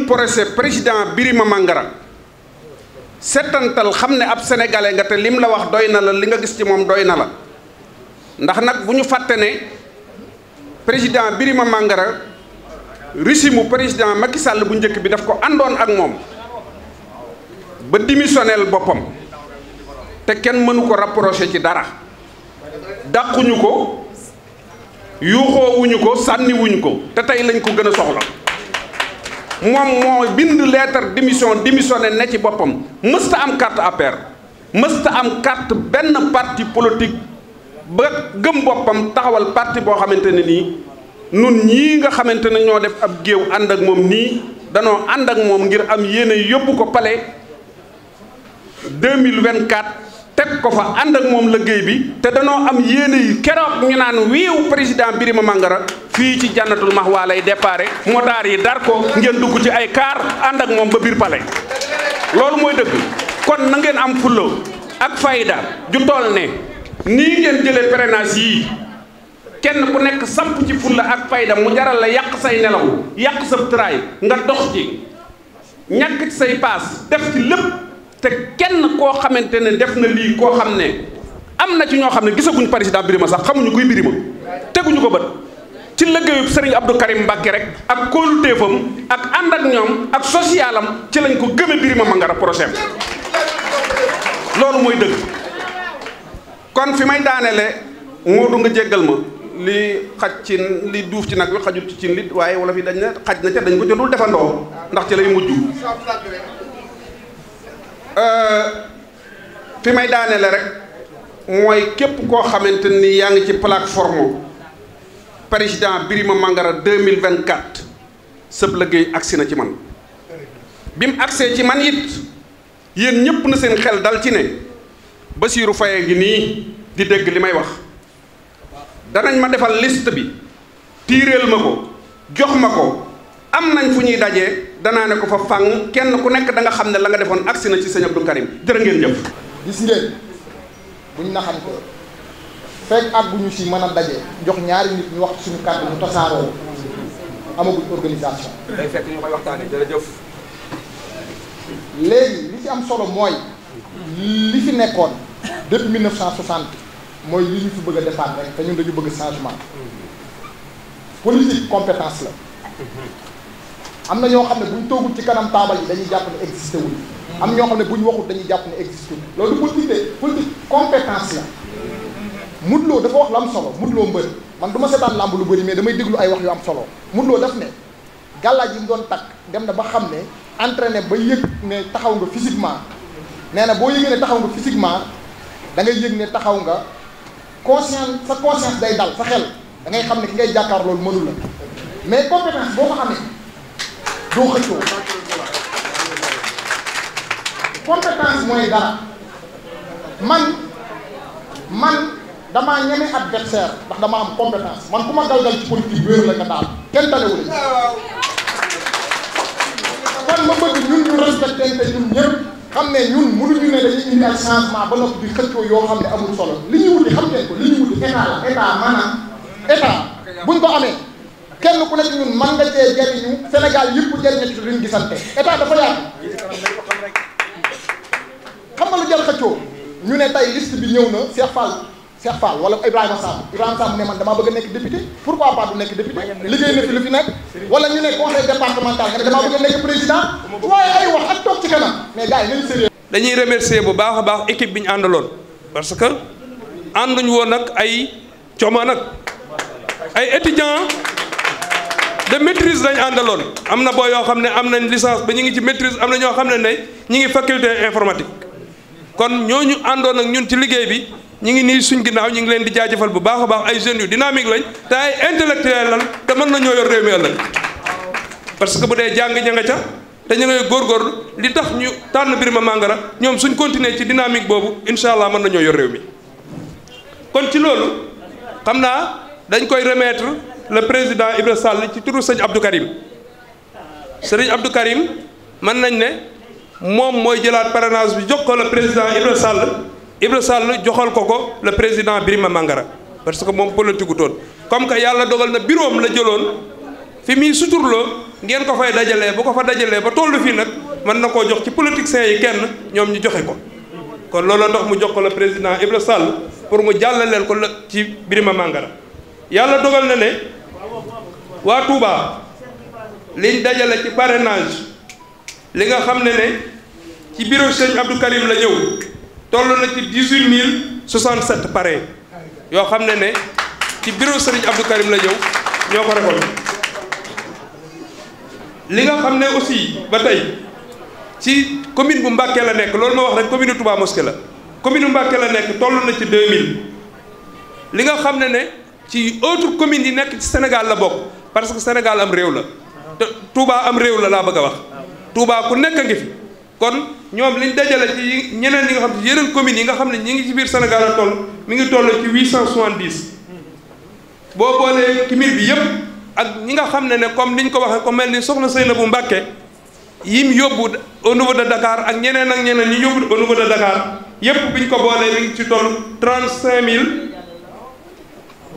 mbirum procès président Birima Mangara setantal xam ne ab sénégalais nga te lim la wax doy na la li nga gis ci moom doy na la ndax nag bu ñu fàtte ne président Birima Mangara Russie mu président Macky Sall bu njëkk bi daf ko àndoon ak moom ba démissionnel boppam te kenn mënu ko rapproché ci dara dàquñu ko yuuxoowuñu ko sànniwuñu ko te tey lañ ko gën a soxla moom moo bind lettre démission démissionné na ci boppam mësta am carte APR mësta am carte benn parti politique ba gëm boppam taxawal parti boo xamante ne nii nun ñii nga xamante ne ñoo def ab géew ànd ak moom nii danoo ànd ak moom ngir am yéene yóbbu ko palais 2024 teg ko fa ànd ak moom liggéey bi te danoo am yéene yi keroog ñu naan wiiw président Birima Mangara fii ci jànnatul maxwaa lay moo daar yi dar ko ngeen dugg ci ay kaar ànd ak moom ba biir palais loolu mooy dëgg kon na ngeen am fulla ak fayda ju tool ne nii ngeen jële parrainage yii kenn ku nekk samp ci fulla ak fayda mu jaral la yàq say nelaw yàq sa tëraay nga dox ci ñàkk ci say paas def ci lépp te kenn koo xamante ne def na lii koo xam ne am na ci ñoo xam ne gisaguñ président Birima sax xamuñu kuy Birima teguñu ko bët ci liggéeyub Serigne Abdou Karim Mbacké rek ak kóoluteefam ak ànd ak ñoom ak socialam ci lañ ko gëme Birima Mangara prochain loolu mooy dëgg kon fi may daaneele Moodu nga jéggal ma li xaj cin li duuf ci nag bi xajul ci cin lit waaye wala fi dañ xaj na ca dañ ko jotul defandoo ndax ci lay mujj Euh, fi may daaneele rek mooy képp koo xamante ni yaa ngi ci plateforme président Birima Mangara 2024 sëb liggéey agsi na ci man bi mu agsee ci man it yéen ñëpp na seen xel dal ci ne Bassirou Faye ngi nii di dégg li may wax danañ ma defal liste bi tiireel ma ko jox ma ko am nañ fu ñuy dajee danaa ne ko fa fang kenn ku nekk danga xam ne la nga defoon agsi na ci sëñ Abdou Karim jërë ngeen jëf. gis ngeen buñ naxam ko fekk àgguñu si mën a daje jox ñaari nit ñu wax suñu kàddu mu tasaaroo amaguñ organisation. day fekk ñu koy waxtaanee jërëjëf. léegi li ci am solo mooy li fi nekkoon depuis 1960 mooy li ñu fi bëgg a defaat rek te ñu dañu bëgg changement politique compétence la. am na ñoo xam ne buñ toogul ci kanam taabal yi dañuy jàpp ne existé wul am ñoo xam ne buñ waxul dañuy jàpp ne existé wul loolu politique de politique compétence la Modou Lo dafa wax lu am solo Modou Lo mbër man du ma seetaan làmb lu bëri mais damay déglu ay wax yu am solo Modou loo def ne gàllaaj yi mu doon takk dem na ba xam ne entraîné ba yëg ne taxaw nga physiquement nee na boo yëgee ne taxaw nga physiquement da ngay yëg ne taxaw nga conscience sa conscience day dal sa xel xam ne ngay jàkkaar mënu la mais compétence boo ko xamee doo xëccoo compétence mooy dara man man damaa ñeme adversaire ndax dama am compétence man ku ma galgal ci politique wéeru la nga daal kenn dalewul kon ma bëgg ñun ñu respecté te ñun xam ne ñun mënuñu ne dañuy indi ay changement ba noppi di xëccoo yoo xam ne amul solo li ñu wuti xam ngeen ko li ñu wuti état la état maanaam kenn ku nekk ñun man nga cee jariñu Sénégal yëpp jariñu ci luñ gisante état dafa yaatu xam nga lu jël xëccoo ñu ne tey liste bi ñëw na Cheikh Fall Cheikh Fall wala Ibrahima Samb Ibrahima bëgg a nekk député pourquoi pas du nekk député liggéey na fi lu fi nekk wala ñu ne conseil départemental nga ne bëgg a nekk président waaye ay wax ak toog ci kanam mais nañu sérieux dañuy remercier bu baax baax équipe bi ñu àndaloon parce que ànd ànduñu woon nag ay coomo nag ay de maîtrise lañ àndaloon am na boo yoo xam ne am nañ licence ba ñu ngi ci maîtrise am na ñoo xam ne ne ñu ngi faculté informatique kon ñoo ñu àndoon ak ñun ci liggéey bi ñu ngi nii suñ ginnaaw ñu ngi leen di jaajëfal bu baax a baax ay jeunes yu dynamique lañ te ay intellectuel lañ te mën nañoo yor réew mi ëllëg parce que bu dee jàng ña nga ca te ñu góor góorgóorlu li tax ñu tànn Birima Mangara ñoom suñ continuer ci dynamique boobu incha allah mën nañoo yor réew ci loolu naa dañ koy remettre. le président Ibra Sall ci turu sëñ Abdou Karim sëriñ Abdou Karim mën nañ ne moom mooy jëlaat parrainage bi jox ko le président Ibra Sall Ibra Sall joxal ko ko le président Birima Mangara parce que moom politique gu doon comme que yàlla dogal na biroom la jëloon fi muy suturloo ngeen ko fay dajalee bu ko fa dajalee ba tollu fii nag mën na koo jox ci politiciens yi kenn ñoom ñu joxe ko kon looloo ndox mu jox ko la président Ibra Sall pour mu jàllaleel ko la ci Birima Mangara yàlla dogal na ne waa Touba liñ dajale ci parrainage li nga xam ne ne ci bureau sëñ Abdou Karim la ñëw toll na ci dix-huit mille soixante-sept parrain yoo xam ne ne ci bureau sëñ Abdou Karim la ñëw ñoo ko récolté li nga xam ne aussi ba tey ci commune bu Mbacké la nekk loolu ma wax rek commune Touba Mosquée la commune bu Mbacké la nekk toll na ci deux mille li nga xam ne ne ci autre commune yi nekk ci Sénégal la bokk parce que Sénégal am réew la te Touba am réew la laa bëgg a wax Touba ku nekk a ngi fi kon ñoom liñ dajale ci ñeneen yi nga xam ne yeneen communes yi nga xam ne ñi ngi ci biir Sénégal la mi ngi toll ci huit cent soixante boo boolee ci bi yëpp ak ñi nga xam ne ne comme ñu ko waxee ko mel ni soxna Seynabou Mbacké yim yóbbu au niveau de Dakar ak ñeneen ak ñeneen ñu yóbbu au niveau de Dakar yëpp ñu ko boolee mi ngi ci toll trente-cinq mille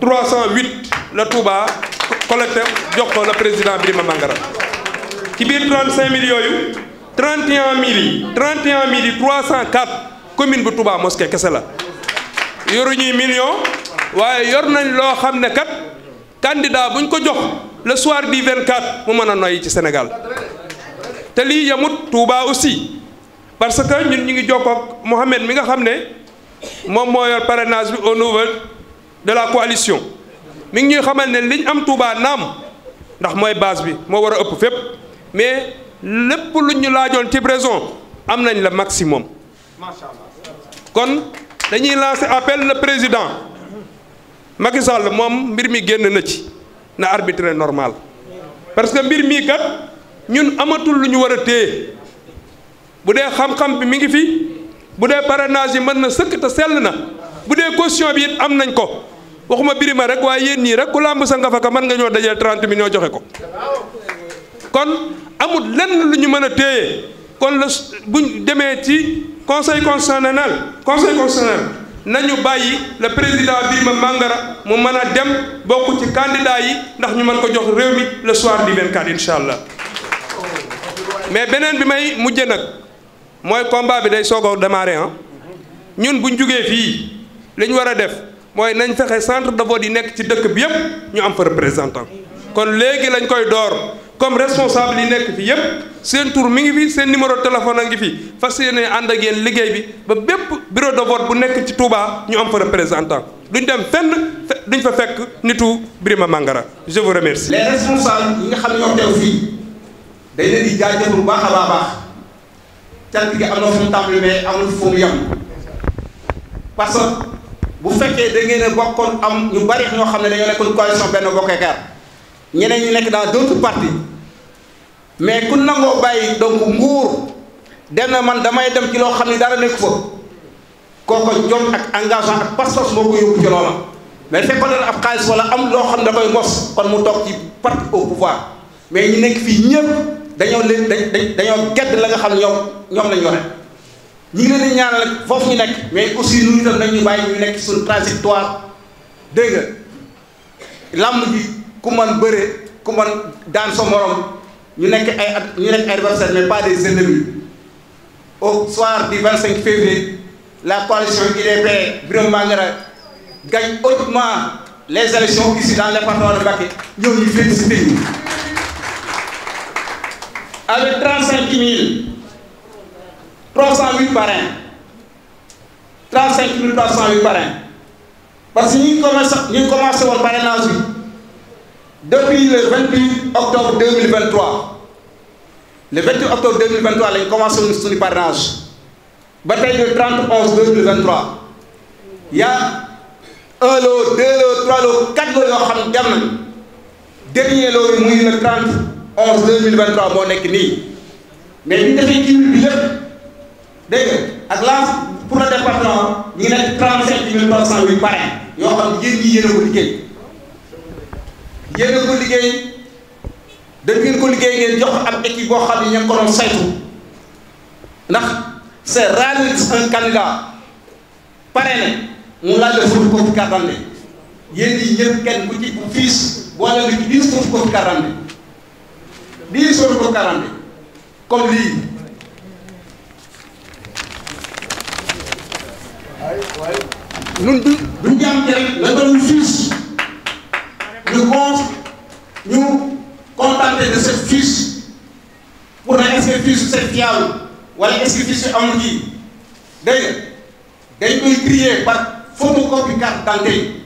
308 la Touba collecté jox ko la président Birima Mangara ci biir 35000 yooyu 31000 yi 31000 yi 304 commune bu Touba mosquée kese la yoruñuy million waaye yor nañ loo xam ne kat candidat buñ ko jox le soir du 24 mu mën a noyyi ci Sénégal te lii yamut Touba aussi parce que ñu ngi jokkoo ak Mohamed mi nga xam ne moom moo yor parrainage bi au niveau. de la coalition mi ngi ñuy xamal ne liñ am Touba naam ndax mooy base bi moo war a ëpp fépp mais lépp luñ ñu laajoon ci raison am nañ la maximum kon dañuy lancer appel le président Macky Sall moom mbir mi génn na ci na arbitré normal parce que mbir mii kat ñun amatul lu ñu war a tée bu dee xam-xam bi mi ngi fi bu dee parrainage yi mën na sëkk te sell na bu dee costion bi it am nañ ko waxuma ma rek waaye yéen ñii rek ku làmb sa nga fa ka mën nga ñoo dajale 30 millions joxe ko kon amul lenn lu ñu mën a téye kon la buñ demee ci conseil constitutionnel conseil constitutionnel nañu bàyyi la président Birima Mangara mu mën a dem bokk ci candidat yi ndax ñu mën ko jox réew mi le soir du 24 incha allah mais beneen bi may mujjee nag mooy combat bi day soog a ñun buñ jugee fii li war a def. mooy nañ fexe centre de vote yi nekk ci dëkk bi yëpp ñu am fa représentant kon léegi lañ koy door comme responsable yi nekk fi yëpp seen tour mi ngi fi seen numéro téléphone a ngi fi fas yéene ànd ak yéen liggéey bi ba bépp bureau de bu nekk ci Touba ñu am fa représentant duñ dem fenn duñ fa fekk nitu Birima Mangara je vous remercie. les responsables yi nga xam ne ñoo teew fii dañ a baax gi am na fu mu tàmbali mais amul fu mu yem parce que. bu fekkee da ngeen a bokkoon am ñu bari ñoo xam ne dañoo nekkoon coalition benn bokk yaakaar ñeneen ñi nekk dans d'autres partis mais ku nangoo bàyyi donc nguur dem na man damay dem ci loo xam ne dara nekk fa kooku jom ak engagement ak pas-pas moo ko yóbbu ci loola mais fekkoon na ab xaalis wala am loo xam ne da koy mos kon mu toog ci parti au pouvoir mais ñi nekk fii ñëpp dañoo leen dañ dañoo gedd la nga xam ñoom ñoom lañ yore ñu ngi leen di ñaanal foofu ñu nekk mais aussi ñun itam nañ ñu bàyyi ñu nekk suñu transitoire dégg nga làmb ji ku man bëre ku man daan sa morom ñu nekk ay at ñu nekk ay adversaires mais des ennemis au soir du cinq février la coalition UDP Birame Mangara gagne hautement les élections ici dans le département de Mbacké ñëw ñu félicité ñu avec 35 000. 308 parrains 35 par parrains parce que ñu ngi commencé ñu ngi commencé woon parrainage bi depuis le 28 octobre 2023 le 28 octobre 2023 la ñu commencé woon suñu parrainage ba tey le 30 11 2023 y' a un lot deux lot trois lot quatre lot yoo xam ne dem nañ dernier lot bi muy le 30 11 2023 moo nekk nii mais bi ñu defee jiw bi lépp. dégg nga ak lance pour le département ñu ngi nekk 37000 personnes yu yoo xam yéen ñi yéen a ko liggéey yéen ko liggéey dañ ngeen ko liggéey ngeen jox am équipe boo xam ne ña ko doon saytu ndax c'est rare un candidat parrainé mu laaj la photocopie carte d'identité yéen ñi ñëpp kenn ku ci bu fiis boole nga ci 10 photocopie carte d'identité 10 photocopie carte d'identité comme lii. ñun du duñ jàmm rek la doon fiche ñu con ñu contenter de cette fiche pour ne est-ce que fiche c'est fiable wala est-ce que fiche amul kii dégg nga dañ koy trier par photocopie carte d'identité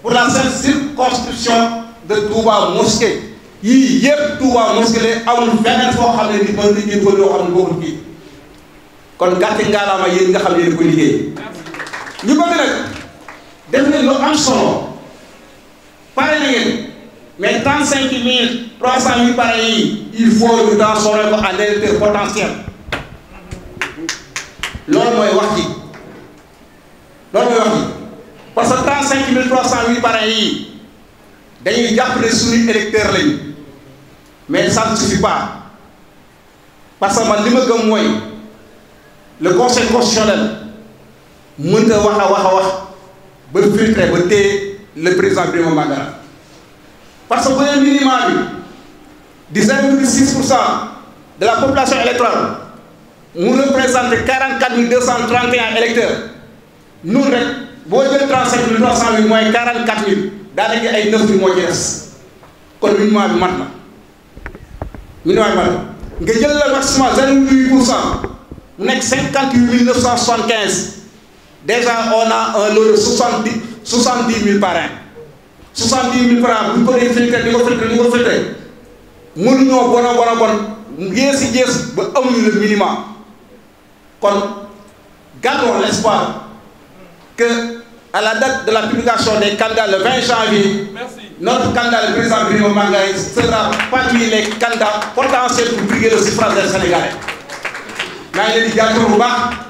pour la seule circonscription de Touba Mosquée yii yëpp Touba Mosquée la amul feneen foo xam ne ni mën nañu ko yoo xam ne bokkul kii kon gàcce ngaalaama yéen nga xam ne yéen koy liggéey. ñu bëgg nag def nañ lu am solo pare na mais trente cinq mille trois cent mille pare yi il faut ñu transformer que trente cinq mille trois cent mille pare yi dañuy jàpp ne suñu électeur lañu mais ça parce que man li ma gëm mooy le conseil constitutionnel. mënta wax a wax a wax ba filtré ba téye le président Birima Mangara parce que bu dee minimum bi di six pour cent de la population électorale mu représente quarante quatre mille deux cent trente et un rek boo jël trente cinq mille trois cent mille mooy quarante quatre mille daanaka ay neuf mille moo ci des kon bi mat na minimum bi mat nga jël le maximum zero virgule huit pour cent mu nekk cinquante huit mille neuf cent quinze. déjà on a un lot soixante-dix soixante-dix mille parrains soixante-dix mille parrains bu ñu ko dee filtre di ko filtre di ko filtre mënuñoo bon a bon a bon yées yi yées ba amuñu le minimum kon gardons l'espoir que à de la publication des candidats le 20 janvier Merci. notre candidat le président Birima Mangay sera parmi les candidats potentiels pour briguer le suffrage des Sénégalais maa ngi di jaajëfal bu